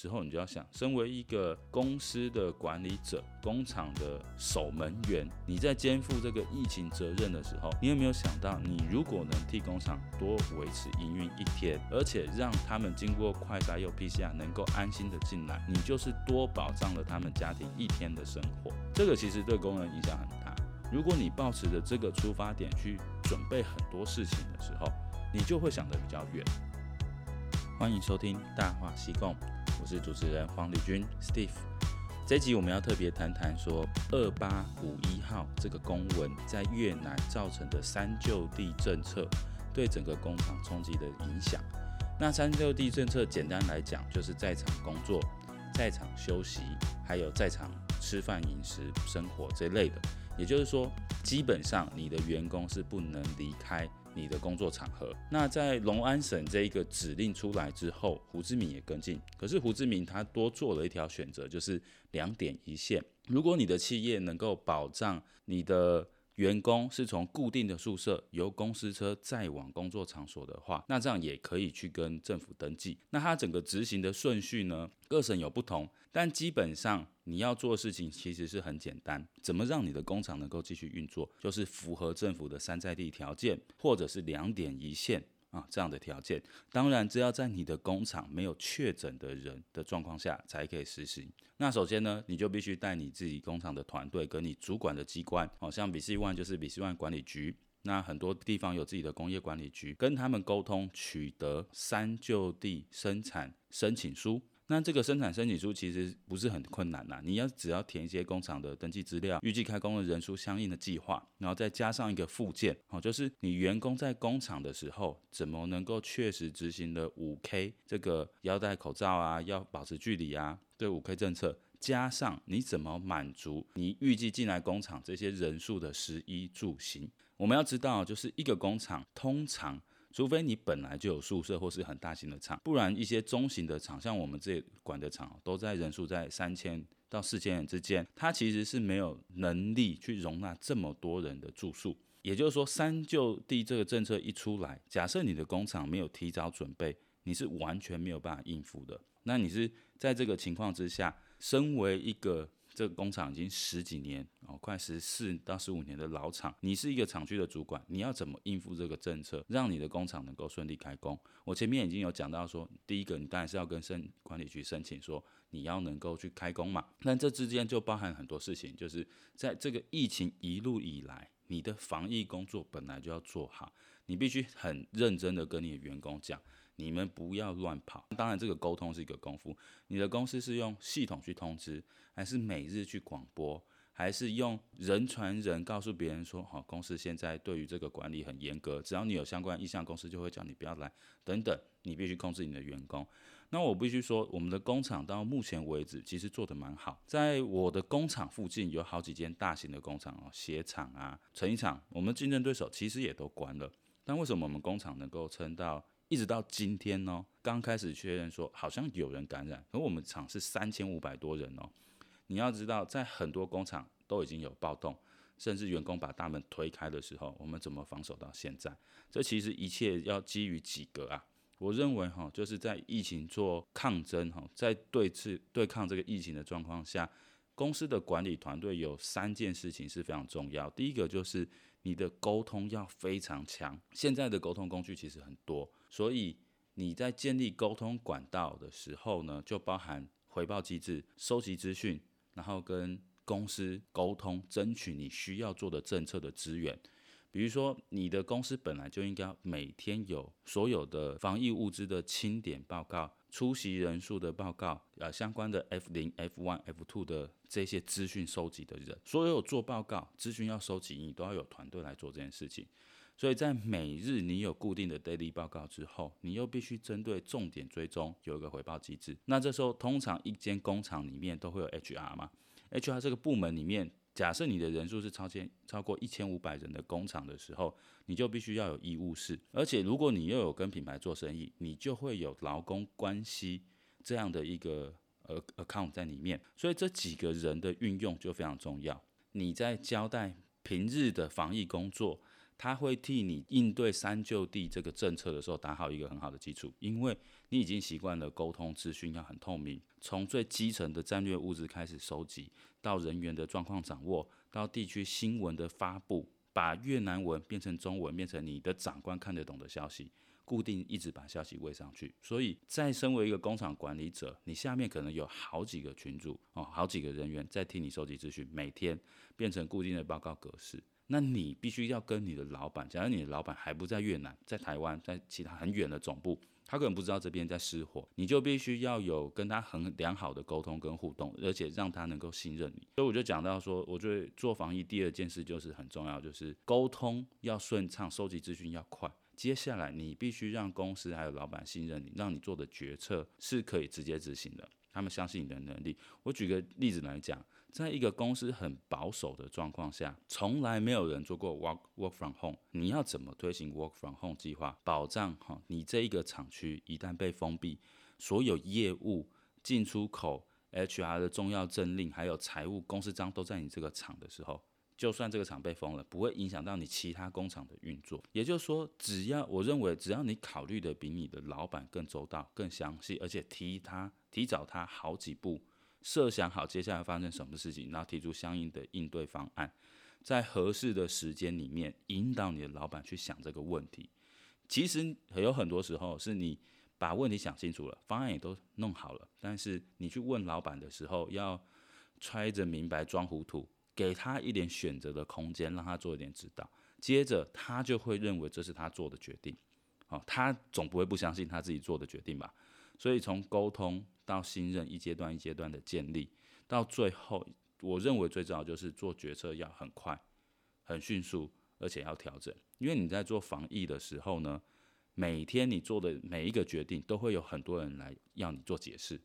時候，你就要想，身為一個公司的管理者，工廠的守門員，你在肩負這個疫情責任的時候，你有沒有想到，你如果能替工廠多維持營運一天，而且讓他們經過快篩又 PCR 能夠安心的進來，你就是多保障了他們家庭一天的生活。這個其實對工人影響很大。如果你抱持着這個出發點去準備很多事情的時候，你就會想得比較遠。歡迎收聽大話西貢。我是主持人黃麗君 Steve 這集我們要特別談談說二八五一號這個公文在越南造成的三就地政策對整個工廠衝擊的影響。那三就地政策簡單來講就是在廠工作、在廠休息，還有在廠吃飯、飲食、生活這類的。也就是說，基本上你的員工是不能離開。你的工作場合，那在隆安省這一個指令出來之後，胡志明也跟進。可是胡志明他多做了一條選擇，就是兩點一線。如果你的企業能夠保障你的員工是從固定的宿舍，由公司車載往工作場所的話，那這樣也可以去跟政府登記。那它整個執行的順序呢，各省有不同，但基本上你要做的事情其實是很簡單。怎麼讓你的工廠能夠繼續運作，就是符合政府的三就地條件，或者是兩點一線。啊，這樣的條件，當然，只要在你的工廠沒有確診的人的狀況下才可以實行。那首先呢，你就必須帶你自己工廠的團隊跟你主管的機關，好像 BC One 就是 BC One 管理局，那很多地方有自己的工業管理局，跟他們溝通，取得三就地生產申請書。那這個生產申請書其實不是很困難吶、啊，你要只要填一些工廠的登記資料、預計開工的人數、相應的計劃，然後再加上一個附件，好，就是你員工在工廠的時候怎麼能夠確實執行的五 K 這個要戴口罩啊，要保持距離啊，對五 K 政策，加上你怎麼滿足你預計進來工廠這些人數的食衣住行。我們要知道，就是一個工廠通常。除非你本來就有宿舍或是很大型的廠，不然一些中型的廠，像我們這管的廠，都在人數在三千到四千人之間，它其實是沒有能力去容納這麼多人的住宿。也就是說，三就地這個政策一出來，假設你的工廠沒有提早準備，你是完全沒有辦法應付的。那你是在這個情況之下，身為一個這個工廠已經十幾年，哦，快十四到十五年的老廠。你是一個廠區的主管，你要怎麼應付這個政策，讓你的工廠能夠順利開工？我前面已經有講到說，第一個你當然是要跟省管理局申請說你要能夠去開工嘛。但這之間就包含很多事情，就是在這個疫情一路以來，你的防疫工作本來就要做好，你必須很認真的跟你的員工講。你們不要亂跑。當然，這個溝通是一個功夫。你的公司是用系統去通知，還是每日去廣播，還是用人傳人告訴別人說：“好，公司現在對於這個管理很嚴格，只要你有相關意向，公司就會叫你不要來。”等等，你必須控制你的員工。那我必須說，我們的工廠到目前為止其實做得蠻好。在我的工廠附近有好幾間大型的工廠哦，鞋廠啊、成衣廠，我們競爭對手其實也都關了。但為什麼我們工廠能夠撐到？一直到今天哦，剛開始確認說好像有人感染，可我們廠是三千五百多人哦。你要知道，在很多工廠都已經有暴動，甚至員工把大門推開的時候，我們怎麼防守到現在？這其實一切要基於幾個啊。我認為哈，就是在疫情做抗爭哈，在對峙對抗這個疫情的狀況下，公司的管理團隊有三件事情是非常重要。第一個就是你的溝通要非常強，現在的溝通工具其實很多。所以你在建立溝通管道的時候呢，就包含回報機制、收集資訊，然後跟公司溝通，爭取你需要做的政策的資源。比如說，你的公司本來就應該每天有所有的防疫物資的清點報告、出席人數的報告，呃，相關的 F 零、F one、F two 的這些資訊收集的人，所有做報告、資訊要收集你，你都要有團隊來做這件事情。所以在每日你有固定的 daily 報告之後，你又必須針對重點追蹤有一個回報機制。那這時候，通常一間工廠裡面都會有 HR 嘛。HR 這個部門裡面，假設你的人數是超千、超過一千五百人的工廠的時候，你就必須要有醫務室。而且，如果你又有跟品牌做生意，你就會有勞工關係這樣的一個呃 account 在裡面。所以，這幾個人的運用就非常重要。你在交代平日的防疫工作。他會替你應對三就地這個政策的時候，打好一個很好的基礎，因為你已經習慣了溝通資訊要很透明，從最基層的戰略物資開始收集，到人員的狀況掌握，到地區新聞的發布，把越南文變成中文，變成你的長官看得懂的消息，固定一直把消息餵上去。所以在身為一個工廠管理者，你下面可能有好幾個群組哦好幾個人員在替你收集資訊，每天變成固定的報告格式。那你必須要跟你的老闆，假如你的老闆還不在越南，在台灣，在其他很遠的總部，他可能不知道這邊在失火，你就必須要有跟他很良好的溝通跟互動，而且讓他能夠信任你。所以我就講到說，我覺得做防疫第二件事就是很重要，就是溝通要順暢，收集資訊要快。接下來你必須讓公司還有老闆信任你，讓你做的決策是可以直接執行的，他們相信你的能力。我舉個例子來講。在一個公司很保守的狀況下，從來沒有人做過 work work from home。你要怎麼推行 work from home 計劃？保障哈，你這一個廠區一旦被封閉，所有業務、進出口、HR 的重要政令，還有財務、公司章都在你這個廠的時候，就算這個廠被封了，不會影響到你其他工廠的運作。也就是說，只要我認為，只要你考慮的比你的老闆更周到、更詳細，而且提他提早他好幾步。設想好接下來發生什麼事情，然後提出相應的應對方案，在合適的時間裡面引導你的老板去想這個問題。其實有很多時候是你把問題想清楚了，方案也都弄好了，但是你去問老板的時候，要揣着明白裝糊塗，給他一點選擇的空間，讓他做一點指導，接着他就會認為這是他做的決定。好，他總不會不相信他自己做的決定吧？所以從溝通到信任，一階段一階段的建立，到最後，我認為最重要就是做決策要很快，很迅速，而且要調整。因為你在做防疫的時候呢，每天你做的每一個決定，都會有很多人來要你做解釋。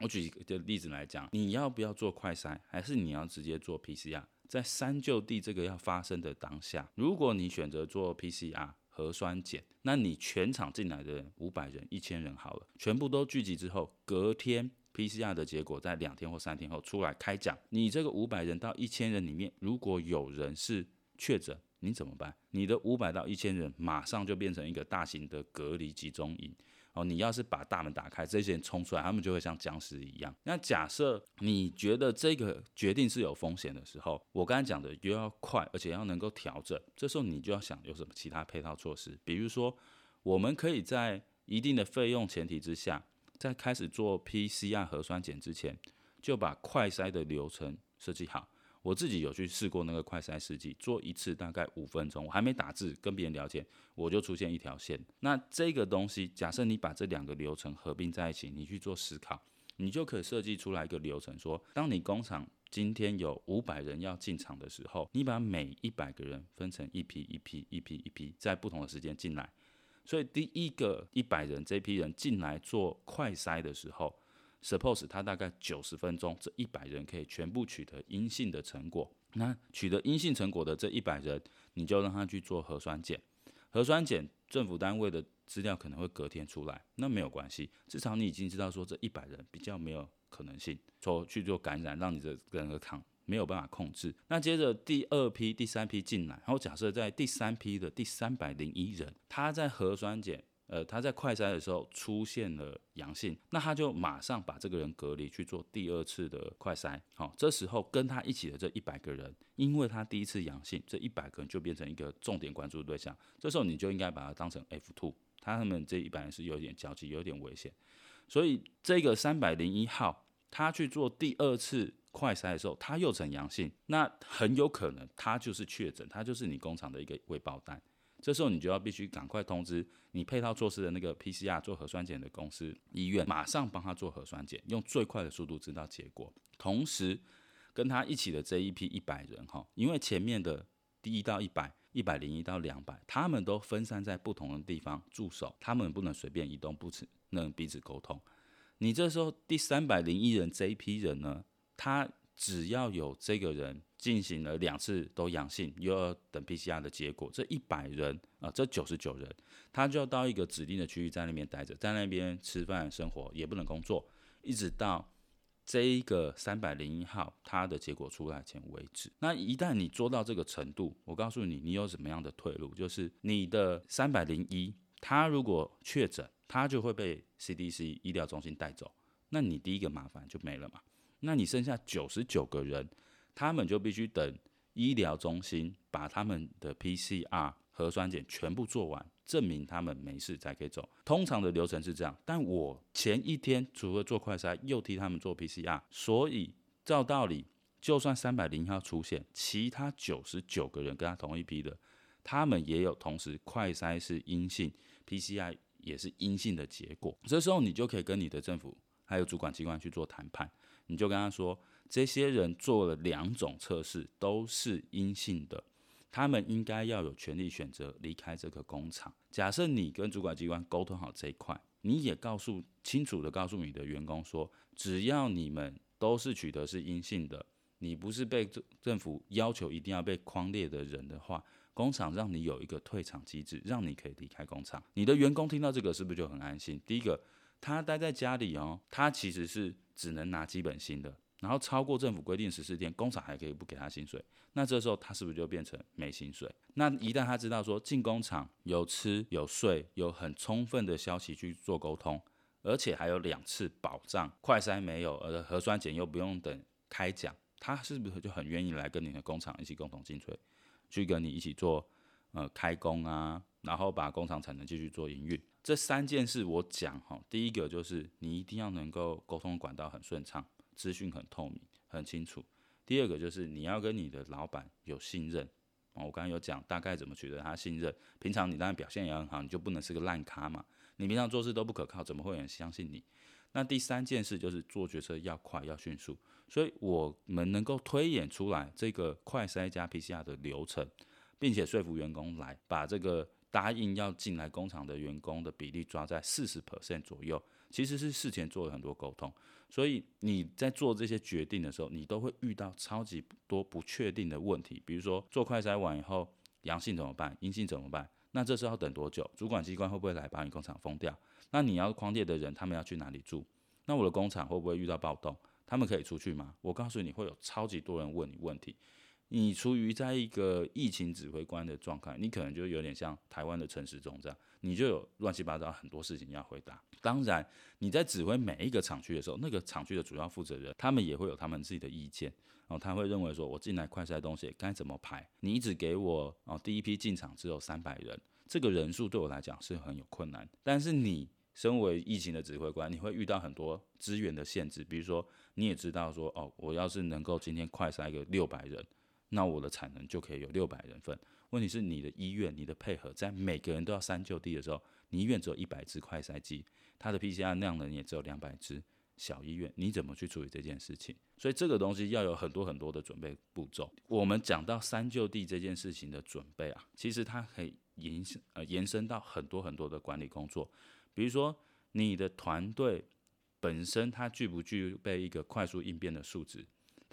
我舉一個例子來講，你要不要做快篩，還是你要直接做 PCR？在三就地這個要發生的當下，如果你選擇做 PCR，核酸檢，那你全場進來的人五百人、一千人好了，全部都聚集之後，隔天 PCR 的結果在兩天或三天後出來開獎，你這個五百人到一千人裡面，如果有人是確診，你怎麼辦？你的五百到一千人馬上就變成一個大型的隔離集中營。哦，你要是把大門打開，這些人衝出來，他們就會像僵屍一樣。那假設你覺得這個決定是有風險的時候，我剛才講的又要快，而且要能夠調整，這時候你就要想有什麼其他配套措施。比如說，我們可以在一定的費用前提之下，在開始做 PCR 核酸檢之前，就把快篩的流程設計好。我自己有去試過那個快篩試劑，做一次大概五分鐘，我還沒打字跟別人聊天，我就出現一條線。那這個東西，假設你把這兩個流程合併在一起，你去做思考，你就可以設計出來一個流程，說當你工廠今天有五百人要進場的時候，你把每一百個人分成一批一批一批一批，在不同的時間進來。所以第一個一百人這批人進來做快篩的時候。Suppose 他大概九十分鐘，這一百人可以全部取得陰性的成果。那取得陰性成果的這一百人，你就讓他去做核酸檢。核酸檢政府單位的資料可能會隔天出來，那沒有關係，至少你已經知道說這一百人比較沒有可能性說去做感染，讓你的人和抗，沒有辦法控制。那接着第二批、第三批進來，然後假設在第三批的第三百零一人，他在核酸檢。呃，他在快篩的時候出現了陽性，那他就馬上把這個人隔離去做第二次的快篩。好，這時候跟他一起的這一百個人，因為他第一次陽性，這一百個人就變成一個重點關注對象。這時候你就應該把他當成 F two，他們這一百人是有點焦急，有點危險。所以這個三百零一號，他去做第二次快篩的時候，他又呈陽性，那很有可能他就是確診，他就是你工廠的一個未爆彈。這時候你就要必須趕快通知你配套措施的那個 PCR 做核酸檢的公司醫院，馬上幫他做核酸檢，用最快的速度知道結果。同時，跟他一起的這一批一百人哈，因為前面的第一到一百、一百零一到兩百，他們都分散在不同的地方駐守，他們不能隨便移動，不能彼此溝通。你這時候第三百零一人這一批人呢，他只要有這個人。進行了兩次都陽性，又要等 PCR 的結果這、呃，這一百人啊，這九十九人，他就要到一個指定的區域，在那邊待着，在那邊吃飯生活，也不能工作，一直到這一個三百零一號他的結果出來前為止。那一旦你做到這個程度，我告訴你，你有什麼樣的退路？就是你的三百零一，他如果確診，他就會被 CDC 醫療中心帶走，那你第一個麻煩就沒了嘛。那你剩下九十九個人。他們就必須等醫療中心把他們的 PCR 核酸檢全部做完，證明他們沒事才可以走。通常的流程是這樣，但我前一天除了做快篩，又替他們做 PCR，所以照道理，就算三百零一號出現，其他九十九個人跟他同一批的，他們也有同時快篩是陰性，PCR 也是陰性的結果。這時候你就可以跟你的政府還有主管機關去做談判，你就跟他說。這些人做了兩種測試，都是陰性的，他們應該要有權利選擇離開這個工廠。假設你跟主管機關溝通好這一塊，你也告訴清楚地告訴你的員工說，只要你們都是取得是陰性的，你不是被政政府要求一定要被匡列的人的話，工廠讓你有一個退場機制，讓你可以離開工廠。你的員工聽到這個是不是就很安心？第一個，他待在家裡哦，他其實是只能拿基本薪的。然後超過政府規定十四天，工廠還可以不給他薪水，那這時候他是不是就變成沒薪水？那一旦他知道說進工廠有吃有睡，有很充分的消息去做溝通，而且還有兩次保障，快篩沒有，呃，核酸檢又不用等開獎，他是不是就很願意來跟你的工廠一起共同進退，去跟你一起做，呃，開工啊，然後把工廠產能繼續做營運？這三件事我講哈，第一個就是你一定要能夠溝通管道很順暢。資訊很透明，很清楚。第二個就是你要跟你的老板有信任。我剛才有講大概怎麼取得他信任。平常你當然表現也很好，你就不能是個爛咖嘛。你平常做事都不可靠，怎麼會有人相信你？那第三件事就是做決策要快，要迅速，所以我們能夠推演出來這個快篩加 PCR 的流程，並且說服員工來把這個答應要進來工廠的員工的比例抓在四十 percent 左右。其實是事前做了很多溝通，所以你在做這些決定的時候，你都會遇到超級多不確定的問題。比如說，做快篩完以後，陽性怎麼辦？陰性怎麼辦？那這時候要等多久？主管機關會不會來把你工廠封掉？那你要匡列的人，他們要去哪裡住？那我的工廠會不會遇到暴動？他們可以出去嗎？我告訴你會有超級多人問你問題。你處於在一個疫情指揮官的狀態，你可能就有點像台灣的陳時中這樣，你就有亂七八糟很多事情要回答。當然，你在指揮每一個廠區的時候，那個廠區的主要負責人他們也會有他們自己的意見，然後他會認為說，我進來快篩東西該怎麼排？你只給我哦第一批進場只有三百人，這個人數對我來講是很有困難。但是你身為疫情的指揮官，你會遇到很多資源的限制，比如說你也知道說，哦，我要是能夠今天快篩個六百人。那我的產能就可以有六百人份。問題是你的醫院、你的配合，在每個人都要三就地的時候，你醫院只有一百隻快篩機，它的 PCR 量能也只有兩百隻。小醫院你怎麼去處理這件事情？所以這個東西要有很多很多的準備步驟。我們講到三就地這件事情的準備啊，其實它可以延伸呃延伸到很多很多的管理工作。比如說你的團隊本身它具不具備一個快速應變的素質。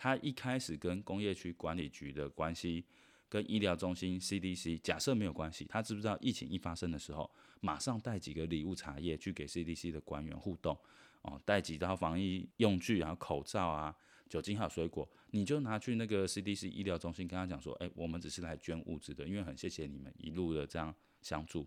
他一開始跟工業區管理局的關係，跟醫療中心 CDC 假設沒有關係。他知不知道疫情一發生的時候，馬上帶幾個禮物、茶葉去給 CDC 的官員互動哦，帶幾套防疫用具，然後口罩啊、酒精還有水果，你就拿去那個 CDC 醫療中心跟他講說：“哎、欸，我們只是來捐物資的，因為很謝謝你們一路的這樣相助。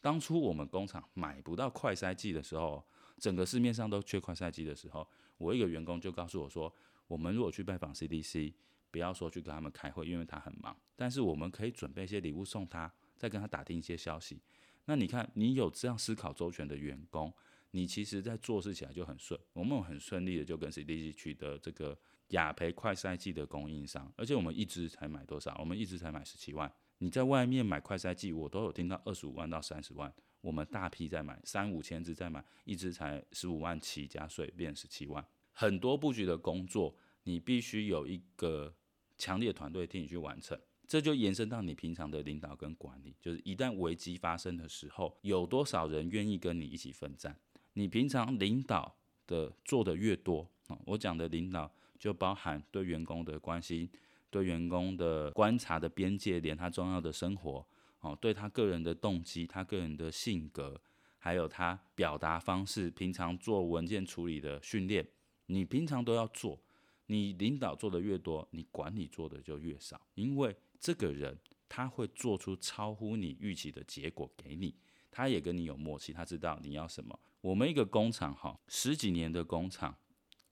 當初我們工廠買不到快篩劑的時候，整個市面上都缺快篩劑的時候，我一個員工就告訴我說。”我們如果去拜訪 CDC，不要說去跟他們開會，因為他很忙。但是我們可以準備一些禮物送他，再跟他打聽一些消息。那你看，你有這樣思考周全的員工，你其實在做事起來就很順。我們很順利的就跟 CDC 取得這個亞培快篩劑的供應商，而且我們一支才買多少？我們一支才買十七萬。你在外面買快篩劑，我都有聽到二十五萬到三十萬。我們大批在買，三五千支在買，一支才十五萬起，加稅，變十七萬。很多布局的工作，你必須有一個強烈的團隊替你去完成。這就延伸到你平常的領導跟管理，就是一旦危機發生的時候，有多少人願意跟你一起奮戰？你平常領導的做得越多啊，我講的領導就包含對員工的關心，對員工的觀察的邊界，連他重要的生活哦，對他個人的動機、他個人的性格，還有他表達方式，平常做文件處理的訓練。你平常都要做，你領導做的越多，你管理做的就越少，因為這個人他會做出超乎你預期的結果給你，他也跟你有默契，他知道你要什麼。我們一個工廠哈，十幾年的工廠，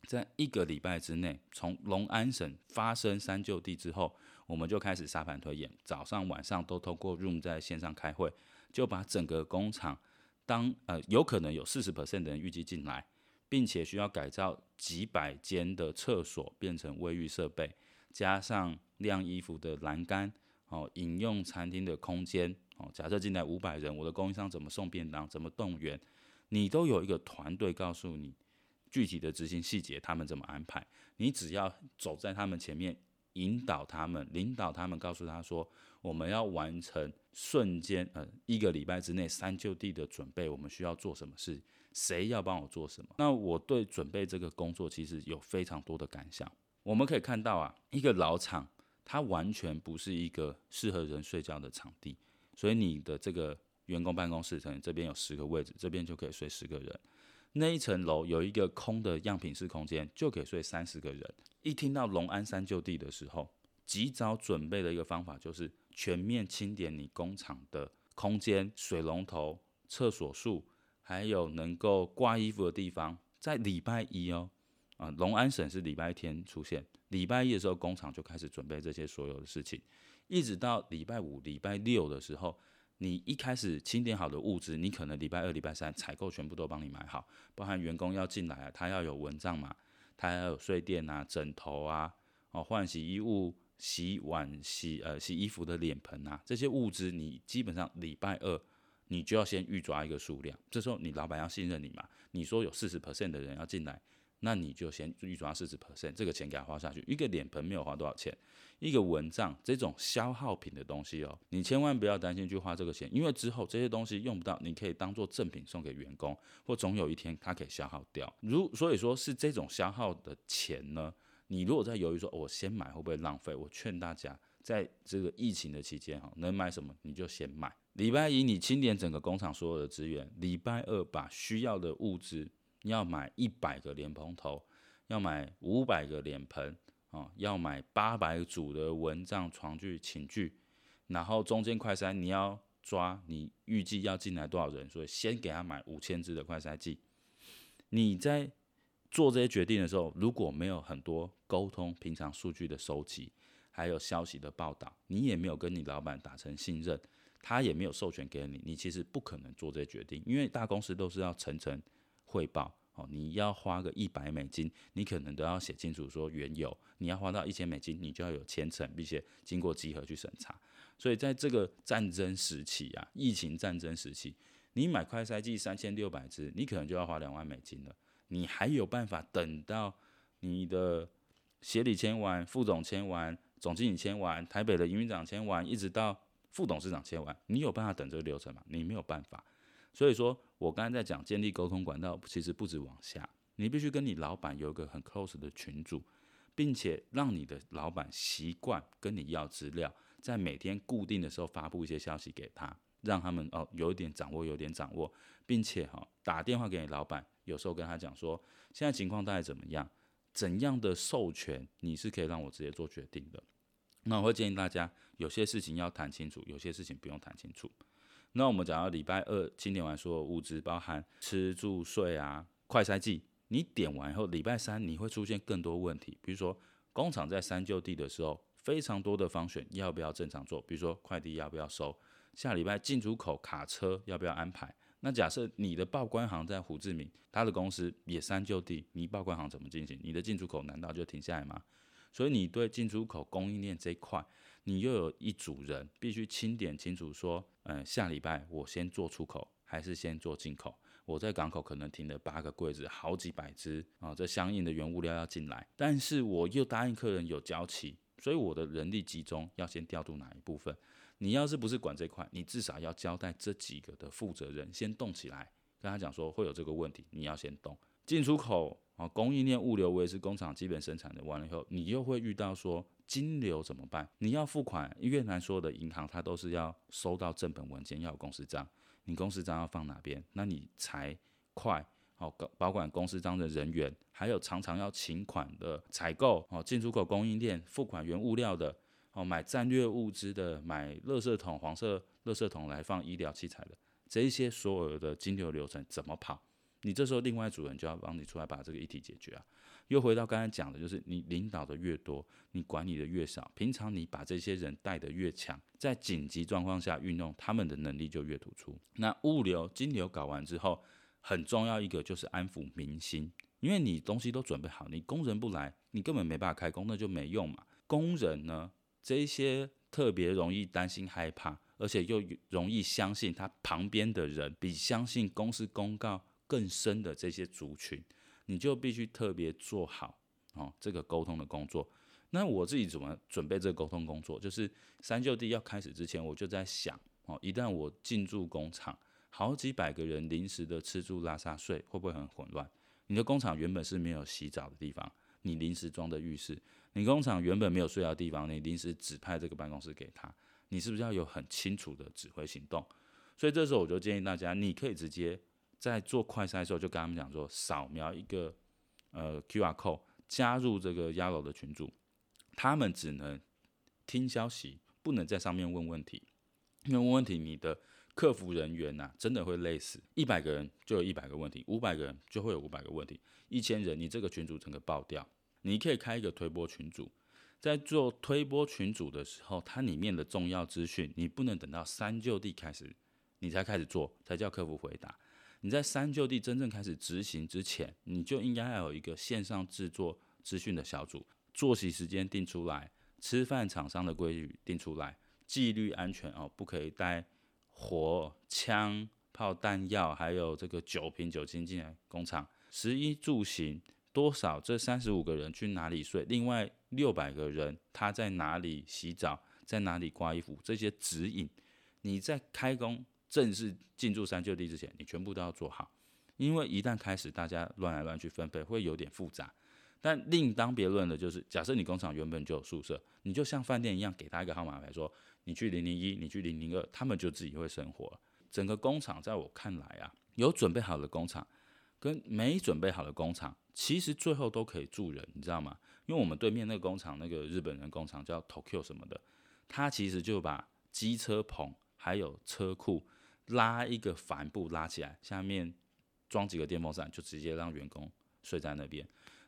在一個禮拜之內，從龍安省發生三就地之後，我們就開始沙盤推演，早上晚上都通過 room 在線上開會，就把整個工廠當呃，有可能有四十 percent 的人預計進來。並且需要改造幾百間的廁所變成衛浴設備，加上晾衣服的欄杆，哦，飲用餐廳的空間，哦，假設進來五百人，我的供應商怎麼送便當，怎麼動員，你都有一個團隊告訴你具體的執行細節，他們怎麼安排，你只要走在他們前面，引導他們，領導他們，告訴他說，我們要完成瞬間，呃，一個禮拜之內三就地的準備，我們需要做什麼事。誰要幫我做什麼？那我對準備這個工作其實有非常多的感想。我們可以看到啊，一個老廠它完全不是一個適合人睡覺的場地，所以你的這個員工辦公室可能這邊有十個位置，這邊就可以睡十個人。那一層樓有一個空的樣品室空間，就可以睡三十個人。一聽到龍安三就地的時候，及早準備的一個方法就是全面清點你工廠的空間、水龍頭、廁所數。還有能夠掛衣服的地方，在禮拜一哦，啊，龍安省是禮拜天出現，禮拜一的時候工廠就開始準備這些所有的事情，一直到禮拜五、禮拜六的時候，你一開始清點好的物資，你可能禮拜二、禮拜三採購全部都幫你買好，包含員工要進來啊，他要有蚊帳嘛，他要有睡墊啊、枕頭啊，哦，換洗衣物、洗碗、洗呃、洗衣服的臉盆啊，這些物資你基本上禮拜二。你就要先預抓一個數量，這時候你老板要信任你嘛，你說有四十 percent 的人要進來，那你就先預抓四十 percent 這個錢給他花下去。一個臉盆沒有花多少錢，一個蚊帳這種消耗品的東西哦，你千萬不要擔心去花這個錢，因為之後這些東西用不到，你可以當做贈品送給員工，或總有一天它可以消耗掉。如所以說是這種消耗的錢呢，你如果在猶豫說我先買會不會浪費，我勸大家在這個疫情的期間哈，能買什麼你就先買。禮拜一，你清點整個工廠所有的資源；禮拜二，把需要的物資，你要買一百個蓮蓬頭，要買五百個臉盆，啊，要買八百組的蚊帳、床具、寢具。然後中間快篩你要抓你預計要進來多少人，所以先給他買五千支的快篩劑。你在做這些決定的時候，如果沒有很多溝通、平常數據的收集，還有消息的報道，你也沒有跟你老板達成信任。他也沒有授權給你，你其實不可能做這決定，因為大公司都是要層層匯報哦。你要花個一百美金，你可能都要寫清楚說原由；你要花到一千美金，你就要有簽呈，並且經過集合去審查。所以在這個戰爭時期啊，疫情戰爭時期，你買快篩劑三千六百支，你可能就要花兩萬美金了。你還有辦法等到你的協理簽完、副總簽完、總經理簽完、台北的營運長簽完，一直到。副董事長簽完，你有辦法等這個流程嗎？你沒有辦法，所以說，我剛才在講建立溝通管道，其實不止往下，你必須跟你老板有一個很 close 的群組，並且讓你的老板習慣跟你要資料，在每天固定的時候發布一些消息給他，讓他們哦有一點掌握，有點掌握，並且哈打電話給你老板，有時候跟他講說現在情況大概怎麼樣，怎樣的授權你是可以讓我直接做決定的。那我會建議大家，有些事情要談清楚，有些事情不用談清楚。那我們講到禮拜二，清點完所有物資包含吃住睡啊，快篩劑。你點完以後，禮拜三你會出現更多問題，比如說工廠在三就地的時候，非常多的方選要不要正常做，比如說快遞要不要收，下禮拜進出口卡車要不要安排。那假設你的報關行在胡志明，他的公司也三就地，你報關行怎麼進行？你的進出口難道就停下來嗎？所以你對進出口供應鏈這一塊，你又有一組人，必須清點清楚，說，嗯，下禮拜我先做出口還是先做進口？我在港口可能停了八個櫃子，好幾百隻啊，這相應的原物料要進來，但是我又答應客人有交期，所以我的人力集中要先調度哪一部分？你要是不是管這塊，你至少要交代這幾個的負責人先動起來，跟他講說會有這個問題，你要先動。進出口啊，供應鏈、物流，我也是工廠基本生產的完了以後，你又會遇到說金流怎麼辦？你要付款，越南所有的銀行它都是要收到正本文件，要有公司章，你公司章要放哪邊？那你才快哦。保管公司章的人員，還有常常要請款的採購哦，進出口供應鏈付款原物料的哦，買戰略物資的，買垃圾桶、黃色垃圾桶來放醫療器材的，這一些所有的金流流程怎麼跑？你這時候另外一組人就要幫你出來把這個議題解決啊！又回到剛才講的，就是你領導的越多，你管理的越少。平常你把這些人帶得越強，在緊急狀況下運用他們的能力就越突出。那物流、金流搞完之後，很重要一個就是安撫民心，因為你東西都準備好，你工人不來，你根本沒辦法開工，那就沒用嘛。工人呢，這一些特別容易擔心害怕，而且又容易相信他旁邊的人，比相信公司公告。.更深的這些族群，你就必須特別做好哦，這個溝通的工作。那我自己怎麼準備這個溝通工作？就是三就地要開始之前，我就在想哦，一旦我進駐工廠，好幾百個人臨時的吃住拉撒睡，會不會很混亂？你的工廠原本是沒有洗澡的地方，你臨時裝的浴室；你工廠原本沒有睡覺的地方，你臨時指派這個辦公室給他，你是不是要有很清楚的指揮行動？所以這時候我就建議大家，你可以直接。在做快篩的時候，就跟他們講說，掃描一個呃 Q R Code，加入這個 Zalo 的群組。他們只能聽消息，不能在上面問問題。因為問問題，你的客服人員吶、啊，真的會累死。一百個人就有一百個問題，五百個人就會有五百個問題，一千人你這個群組整個爆掉。你可以開一個推播群組，在做推播群組的時候，它裡面的重要資訊，你不能等到三就地開始，你才開始做，才叫客服回答。你在三就地真正開始執行之前，你就應該要有一個線上制作資訊的小組，作息時間定出來，吃飯廠商的規矩定出來，紀律安全哦，不可以帶火、槍、炮、彈藥，還有這個酒瓶、酒精進來工廠。食衣住行多少？這三十五個人去哪裡睡？另外六百個人他在哪裡洗澡？在哪裡掛衣服？這些指引，你在開工。正式進駐三就地之前，你全部都要做好，因為一旦開始大家亂來亂去分配會有點複雜。但另當別論的，就是假設你工廠原本就有宿舍，你就像飯店一樣，給他一個號碼牌，說你去零零一，你去零零二，他們就自己會生活。整個工廠在我看來啊，有準備好的工廠跟沒準備好的工廠，其實最後都可以住人，你知道嗎？因為我們對面那個工廠，那個日本人工廠叫 Tokyo 什麼的，他其實就把機車棚還有車庫。拉一個帆布拉起來，下面裝幾個電風扇，就直接讓員工睡在那邊。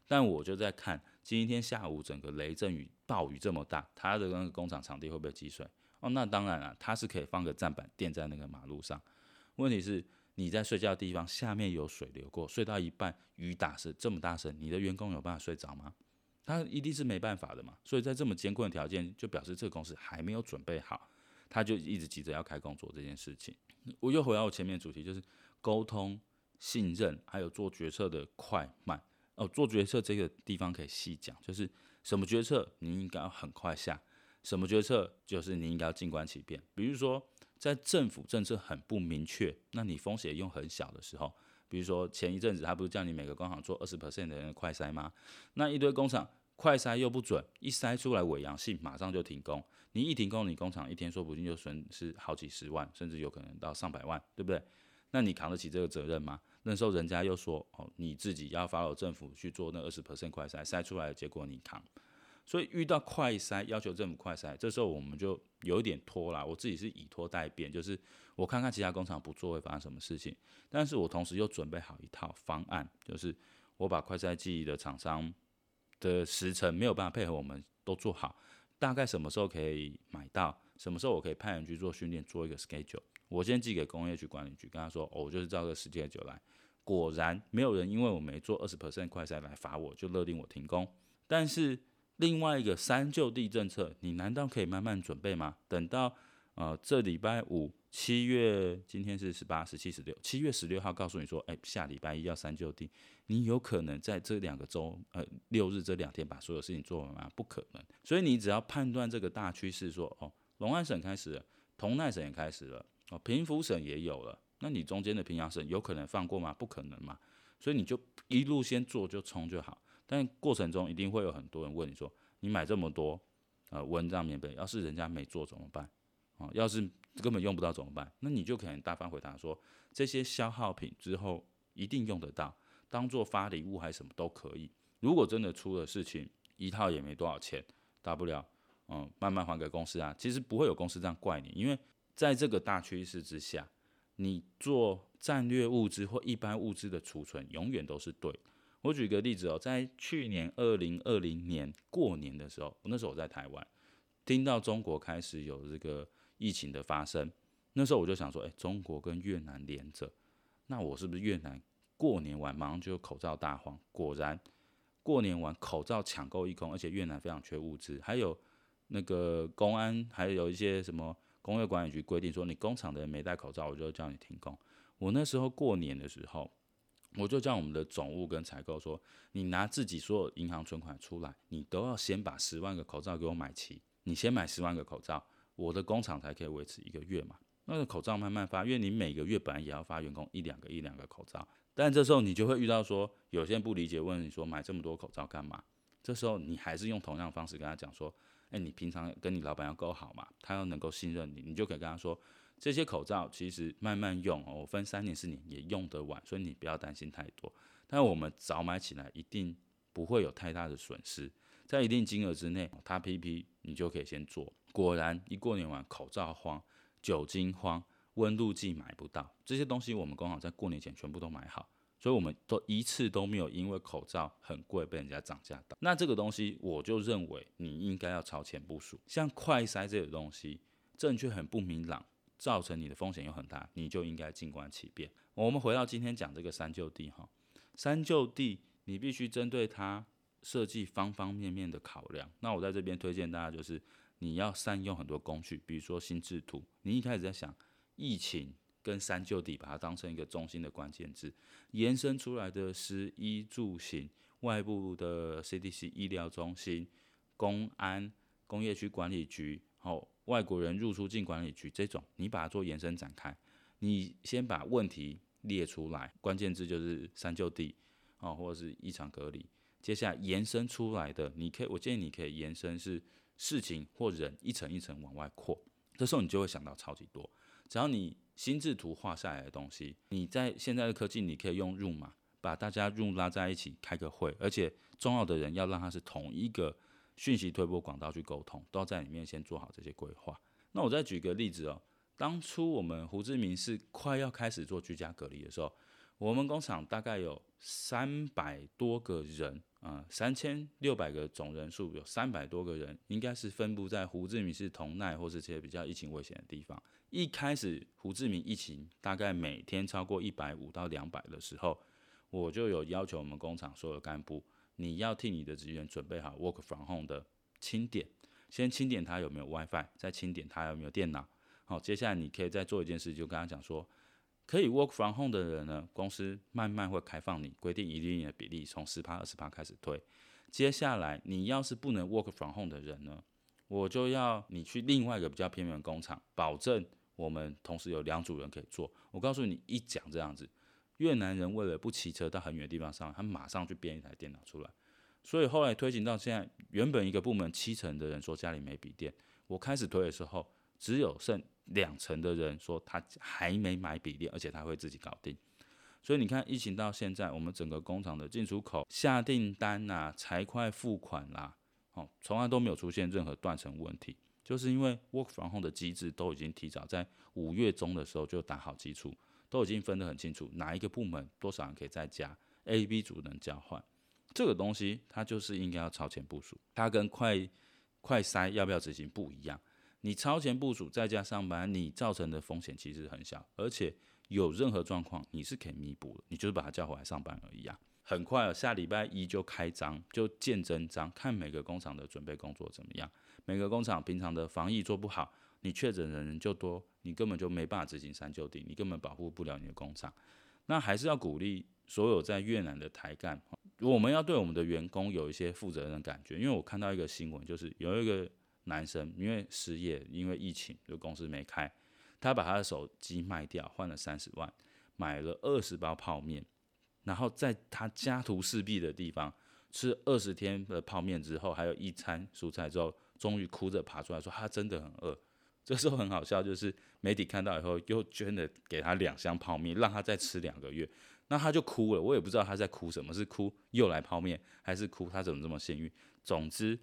但我就在看今天下午整個雷陣雨暴雨這麼大，他的那個工廠場地會不會積水？哦，那當然了、啊，他是可以放個棧板墊在那個馬路上。問題是你在睡覺的地方下面有水流過，睡到一半雨打濕，這麼大聲，你的員工有辦法睡着嗎？他一定是沒辦法的嘛。所以在這麼艱困的條件，就表示這個公司還沒有準備好，他就一直急着要開工做這件事情。我又回到我前面主題，就是溝通、信任，還有做決策的快慢。哦，做決策這個地方可以細講，就是什麼決策你應該很快下，什麼決策就是你應該要靜觀其變。比如說，在政府政策很不明確，那你風險用很小的時候，比如說前一陣子他不是叫你每個工廠做二十 percent 的人快篩嗎？那一堆工廠。快篩又不準，一篩出來偽陽性，馬上就停工。你一停工，你工廠一天說不定就損失好幾十萬，甚至有可能到上百萬，對不對？那你扛得起這個責任嗎？那時候人家又說，哦，你自己要 follow 政府去做那二十 percent 快篩，篩出來的結果你扛。所以遇到快篩要求政府快篩，這時候我們就有一點拖啦。我自己是以拖待變，就是我看看其他工廠不做會發生什麼事情，但是我同時又準備好一套方案，就是我把快篩劑的廠商。的時辰沒有辦法配合，我們都做好，大概什麼時候可以買到？什麼時候我可以派人去做訓練，做一個 schedule，我先寄給工業區管理局，跟他說，哦，我就是照這個 schedule 來。果然沒有人因為我沒做二十 percent 快篩來罰我，就勒令我停工。但是另外一個三就地政策，你難道可以慢慢準備嗎？等到。呃，這禮拜五七月今天是十八、十七、十六，七月十六號告訴你說，哎，下禮拜一、要三就地。你有可能在這兩個周，呃，六日這兩天把所有事情做完嗎？不可能。所以你只要判斷這個大趨勢，說，哦，龍安省開始了，同奈省也開始了，哦，平福省也有了，那你中間的平陽省有可能放過嗎？不可能嘛。所以你就一路先做就衝就好。但過程中一定會有很多人問你說，你買這麼多，呃，蚊帳、棉被，要是人家沒做怎麼辦？要是根本用不到怎麼辦？那你就可能大方回答說，這些消耗品之後一定用得到，當做發禮物還是什麼都可以。如果真的出了事情，一套也沒多少錢，大不了嗯慢慢還給公司啊。其實不會有公司這樣怪你，因為在這個大趨勢之下，你做戰略物資或一般物資的儲存永遠都是對。我舉個例子哦，在去年二零二零年過年的時候，那時候我在台灣，聽到中國開始有這個。疫情的發生，那時候我就想說，哎、欸，中國跟越南連着，那我是不是越南過年完馬上就有口罩大荒？果然，過年完口罩搶購一空，而且越南非常缺物資，還有那個公安，還有一些什麼工業管理局規定說，你工廠的人沒戴口罩，我就叫你停工。我那時候過年的時候，我就叫我們的總務跟採購說，你拿自己所有銀行存款出來，你都要先把十萬個口罩給我買齊，你先買十萬個口罩，我的工廠才可以維持一個月嘛？那個口罩慢慢發，因為你每個月本來也要發員工一兩個、一兩個口罩，但這時候你就會遇到說，有些人不理解，問你說買這麼多口罩幹嘛？這時候你還是用同樣的方式跟他講說，哎，你平常跟你老闆要夠好嘛，他要能夠信任你，你就可以跟他說，這些口罩其實慢慢用哦，我分三年、四年也用得完，所以你不要擔心太多。但我們早買起來，一定不會有太大的損失。在一定金額之內，他 PP 你就可以先做。果然，一過年完，口罩荒，酒精荒，溫度計買不到，這些東西我們剛好在過年前全部都買好，所以我們都一次都沒有因為口罩很貴被人家漲價到。那這個東西，我就認為你應該要超前部署，像快篩這個東西，證據很不明朗，造成你的風險又很大，你就應該靜觀其變。我們回到今天講這個三就地哈，三就地你必須針對它。設計方方面面的考量。那我在這邊推薦大家，就是你要善用很多工具，比如說心智圖。你一開始在想疫情跟三就地，把它當成一個中心的關鍵字，延伸出來的食衣住行、外部的 CDC 醫療中心、公安、工業區管理局，然後外國人入出境管理局這種，你把它做延伸展開。你先把問題列出來，關鍵字就是三就地啊，或者是異常隔離。接下來延伸出來的，你可以，我建議你可以延伸是事情或人一層一層往外擴，這時候你就會想到超級多。只要你心智圖畫下來的東西，你在現在的科技，你可以用 Zoom 嘛把大家 Zoom 拉在一起開個會，而且重要的人要讓他是同一個訊息推播管道去溝通，都要在裡面先做好這些規劃。那我再舉個例子哦，當初我們胡志明市快要開始做居家隔離的時候，我們工廠大概有三百多個人。啊，三千六百個總人數有三百多個人，應該是分布在胡志明市同奈或是這些比較疫情危險的地方。一開始胡志明疫情大概每天超過一百五到兩百的時候，我就有要求我們工廠所有幹部，你要替你的職員準備好 work from home 的清點，先清點他有沒有 WiFi，再清點他有沒有電腦。好，接下來你可以再做一件事，就跟他講說。可以 work from home 的人呢，公司慢慢會開放你，規定一定的比例，從十趴二十趴開始推。接下來你要是不能 work from home 的人呢，我就要你去另外一個比較偏遠的工廠，保證我們同時有兩組人可以做。我告訴你一講這樣子，越南人為了不騎車到很遠的地方上，他馬上去編一台電腦出來。所以後來推行到現在，原本一個部門七成的人說家裡沒筆電，我開始推的時候只有剩。兩成的人說他還沒買比例，而且他會自己搞定。所以你看，疫情到現在，我們整個工廠的進出口、下訂單吶、啊、財會付款啦，哦，從來都沒有出現任何斷層問題，就是因為 work from home 的機制都已經提早在五月中的時候就打好基礎，都已經分得很清楚，哪一個部門多少人可以在家，A、B 組能交換。這個東西它就是應該要超前部署，它跟快快篩要不要執行不一樣。你超前部署，在家上班，你造成的風險其實很小，而且有任何狀況，你是可以彌補的，你就是把他叫回來上班而已啊。很快下禮拜一就開張，就見真章，看每個工廠的準備工作怎麼樣。每個工廠平常的防疫做不好，你確診的人就多，你根本就沒辦法執行三就地，你根本保護不了你的工廠。那還是要鼓勵所有在越南的台幹，我們要對我們的員工有一些負責任的感覺，因為我看到一個新聞，就是有一個。男生因為失業，因為疫情，就公司沒開，他把他的手機賣掉，換了三十萬，買了二十包泡麵，然後在他家徒四壁的地方吃二十天的泡面之後，還有一餐蔬菜之後，終於哭着爬出來，說他真的很餓。這時候很好笑，就是媒體看到以後又捐了給他兩箱泡麵，讓他再吃兩個月，那他就哭了，我也不知道他在哭什麼，是哭又來泡麵，還是哭他怎麼這麼幸運？總之。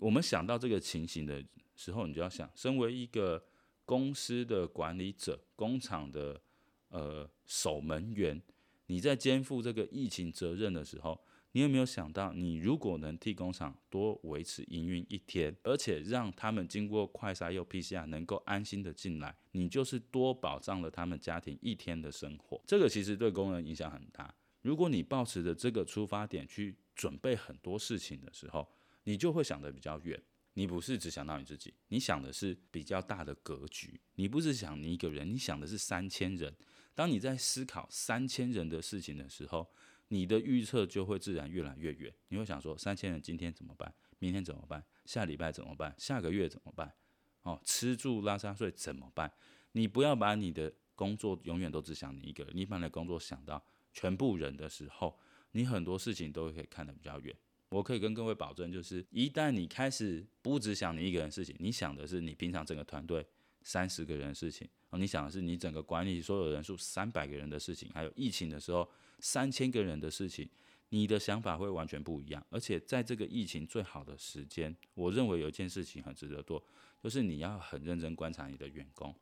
我們想到這個情形的時候，你就要想，身為一個公司的管理者、工廠的呃守門員，你在肩負這個疫情責任的時候，你有沒有想到，你如果能替工廠多維持營運一天，而且讓他們經過快篩又 PCR 能夠安心的進來，你就是多保障了他們家庭一天的生活。這個其實對工人影響很大。如果你抱持着這個出發點去準備很多事情的時候，你就會想的比較遠，你不是只想到你自己，你想的是比較大的格局，你不是想你一個人，你想的是三千人。當你在思考三千人的事情的時候，你的預測就會自然越來越遠。你會想說，三千人今天怎麼辦？明天怎麼辦？下禮拜怎麼辦？下個月怎麼辦？哦，吃住拉撒睡怎麼辦？你不要把你的工作永遠都只想你一個人，你把你的工作想到全部人的時候，你很多事情都可以看得比較遠。我可以跟各位保證，就是一旦你開始不只想你一個人的事情，你想的是你平常整個團隊三十個人的事情，你想的是你整個管理所有人數三百個人的事情，還有疫情的時候三千個人的事情，你的想法會完全不一樣。而且在這個疫情最好的時間，我認為有一件事情很值得做，就是你要很認真觀察你的員工，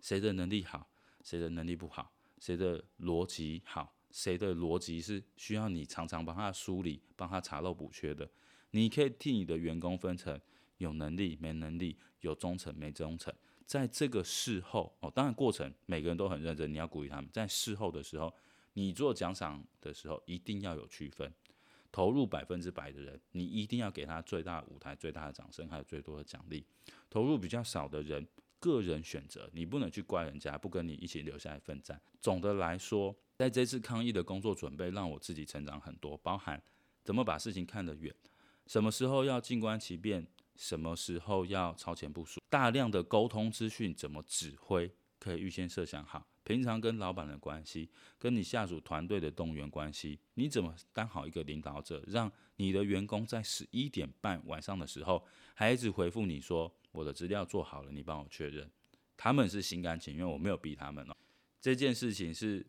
誰的能力好，誰的能力不好，誰的邏輯好，誰的邏輯是需要你常常幫他梳理、幫他查漏補缺的？你可以替你的員工分成有能力沒能力、有忠誠沒忠誠。在這個事後哦，當然過程每個人都很認真，你要鼓勵他們。在事後的時候，你做獎賞的時候一定要有區分。投入百分之百的人，你一定要給他最大的舞台、最大的掌聲還有最多的獎勵。投入比較少的人。個人選擇，你不能去怪人家不跟你一起留下來奮戰。總的來說，在這次抗疫的工作準備，讓我自己成長很多，包含怎麼把事情看得遠，什麼時候要靜觀其變，什麼時候要超前部署，大量的溝通資訊怎麼指揮，可以預先設想好。平常跟老板的關係，跟你下屬團隊的動員關係，你怎麼當好一個領導者，讓你的員工在十一點半晚上的時候，還一直回覆你說。我的資料做好了，你幫我確認。他們是心甘情願，我沒有逼他們哦。這件事情是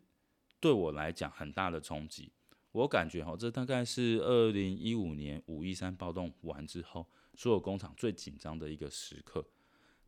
對我來講很大的衝擊。我感覺哈，這大概是二零一五年五一三暴動完之後，所有工廠最緊張的一個時刻。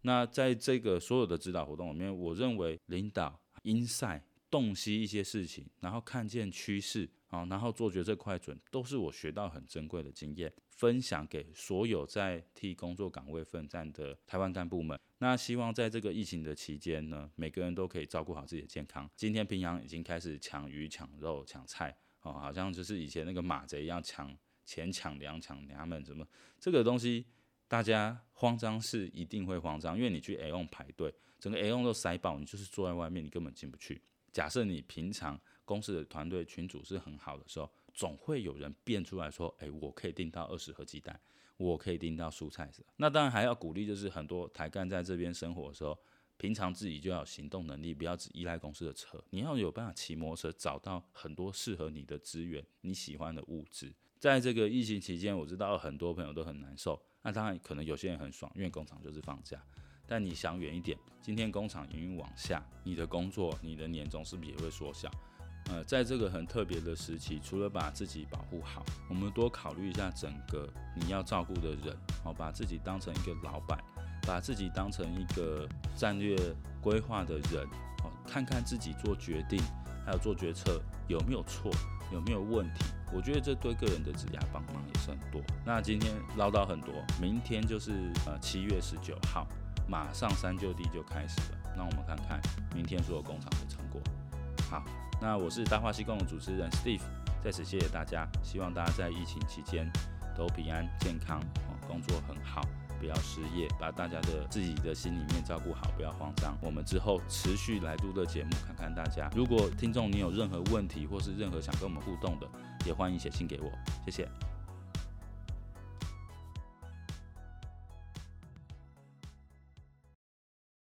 那在這個所有的指導活動裡面，我認為領導英賽。洞悉一些事情，然後看見趨勢啊，然後做決策，快準，都是我學到很珍貴的經驗，分享給所有在替工作崗位奮戰的台灣幹部們。那希望在這個疫情的期間呢，每個人都可以照顧好自己的健康。今天平陽已經開始搶魚、搶肉、搶菜啊，好像就是以前那個馬賊一樣搶，搶錢、搶糧、搶娘們什麼，怎麼這個東西，大家慌張是一定會慌張，因為你去 AEON 排隊，整個 AEON 都塞爆，你就是坐在外面，你根本進不去。假設你平常公司的團隊群組是很好的時候，總會有人變出來說：“哎，我可以訂到二十盒雞蛋，我可以訂到蔬菜。”那當然還要鼓勵，就是很多台幹在這邊生活的時候，平常自己就要有行動能力，不要只依賴公司的車。你要有辦法騎摩托車找到很多適合你的資源，你喜歡的物資。在這個疫情期間，我知道很多朋友都很難受。那當然，可能有些人很爽，因為工廠就是放假。但你想遠一點，今天工廠營運往下，你的工作、你的年終是不是也會縮小？呃，在這個很特別的時期，除了把自己保護好，我們多考慮一下整個你要照顧的人，哦，把自己當成一個老板，把自己當成一個戰略規劃的人，哦，看看自己做決定還有做決策有沒有錯，有沒有問題？我覺得這對個人的指甲幫忙也是很多。那今天嘮叨很多，明天就是呃七月十九號。馬上三就地就開始了，那我們看看明天所有工廠的成果。好，那我是大話西貢的主持人 Steve，在此謝謝大家，希望大家在疫情期間都平安健康，工作很好，不要失業，把大家的自己的心裡面照顧好，不要慌張。我們之後持續來錄的節目，看看大家。如果聽眾你有任何問題或是任何想跟我們互動的，也歡迎寫信給我，謝謝。